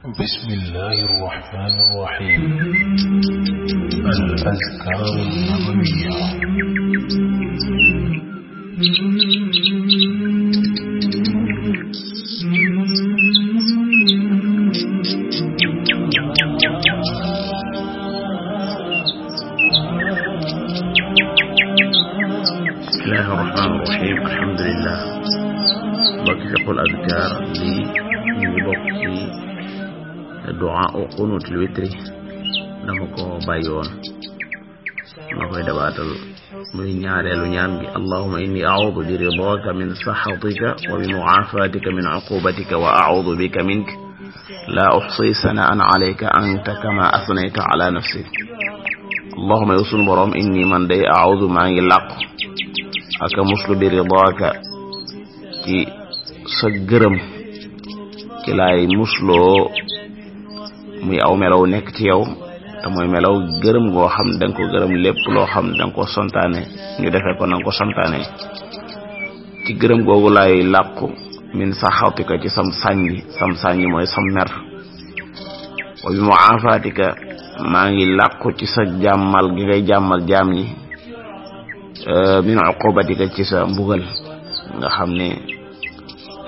بسم الله الرحمن الرحيم الأذكار النبوية بسم الله الرحمن الرحيم الحمد لله بقي أقول أذكار لي بوقتي du'a u qunutul witri dama ko bàyyi woon maa koy dabaatal muy ñaareelu ñaan gi allahumma inni a'udhu bi ridaka min saxatika wa bi mu'afatika min uqubatika wa a'udhu bika mink la uxsi sanaan alayka anta kama asnayta ala nafsik allahumma yow sunu boroom inni man day a'udhu maa ngi làqu ak a muslu bi ridaka ci sa gërëm ci laay musloo muy aw melaw nekk ci yow te mooy melaw gërëm goo xam da nga ko gërëm lépp loo xam da nga ko santaane ñu defee ko na ko santaane ci gërëm googu lay làqu min saxatika ci sam sànni sam sànni mooy sam mer wa bi mu aafaatika maa ngi làqu ci sa jàmmal gi ngay jàmmal jaam ñi euh, min uqubatika ci sa mbugal nga xam ni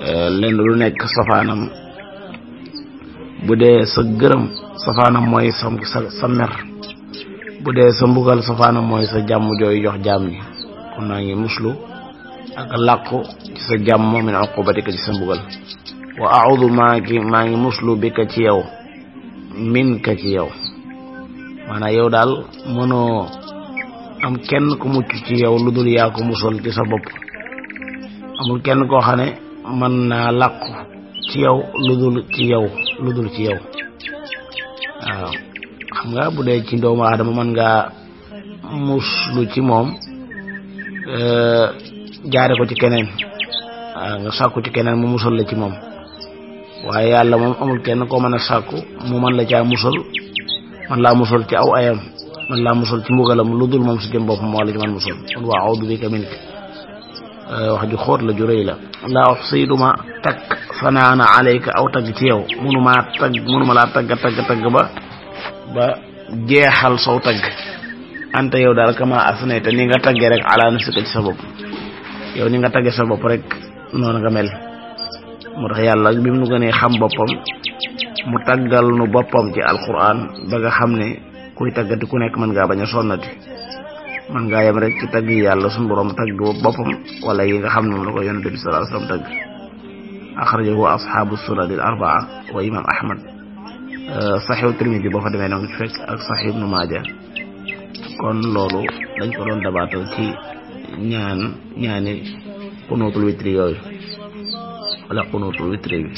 euh, lenn lu nekk sofaanam bu dee sa gërëm safaanam mooy sa mer bu dee sa mbugal safaanam mooy sa jàmm jooy jox jàmm ñi kon naa ngi muslu ak làqu ci sa jàmm min uqubatika ci sa mbugal wa audu maa ngi maa ngi muslu bi ka ci yow min ka ci yow maanaam yow daal mënoo am kenn ku mucc ci yow lu dul yaa ko musal ci sa bopp amul kenn koo xane man naa làqu ci yow lu dul ci yow lu nga bu dee ci doomu aadama mën ngaa muslu ci moom euh, jaare ko ci keneen waaw nga sàkku ci keneen mu musal la ci moom waaye yàlla moom amul kenn koo mën a sàkku mu mën la caa musal man laa musal ci aw ayam man laa musal ci mbugalam lu dul moom si jëm boppam moo la ci mën musal kon waa awdu bika mink euh, wax ju xóot la ju la laa wax sayiduma takk fanaana alayka aw tagg ci yow mënumaa tagg ma laa tagg tagg tagg ba ba jeexal sow tagg anta yow daal kama asnayta ni nga taggee rek ala nafsika ci sa bopp yow ni nga taggee sa bopp rek noonu nga mel moo tax yàlla bi mu nu gënee xam boppam mu taggal nu boppam ci alquran ba nga xam ne kuy taggati ku nekk mën ngaa bañ a sonnati mën ngaa rek ci tagg yi yàlla suñu borom tagg boppam wala yi nga xam ne moom la ko yonent bi sallallahu alayhi wasallam tagg axrajahu asxaabu sunanil arbaa wa imam ahmad saxihu tirmidi boo fa demee noonu fekk ak saxih ibnu maaja kon loolu dañ ko doon dabaatal ci ñaan ñaani xunuutul yooyu wala xunuutul witri bi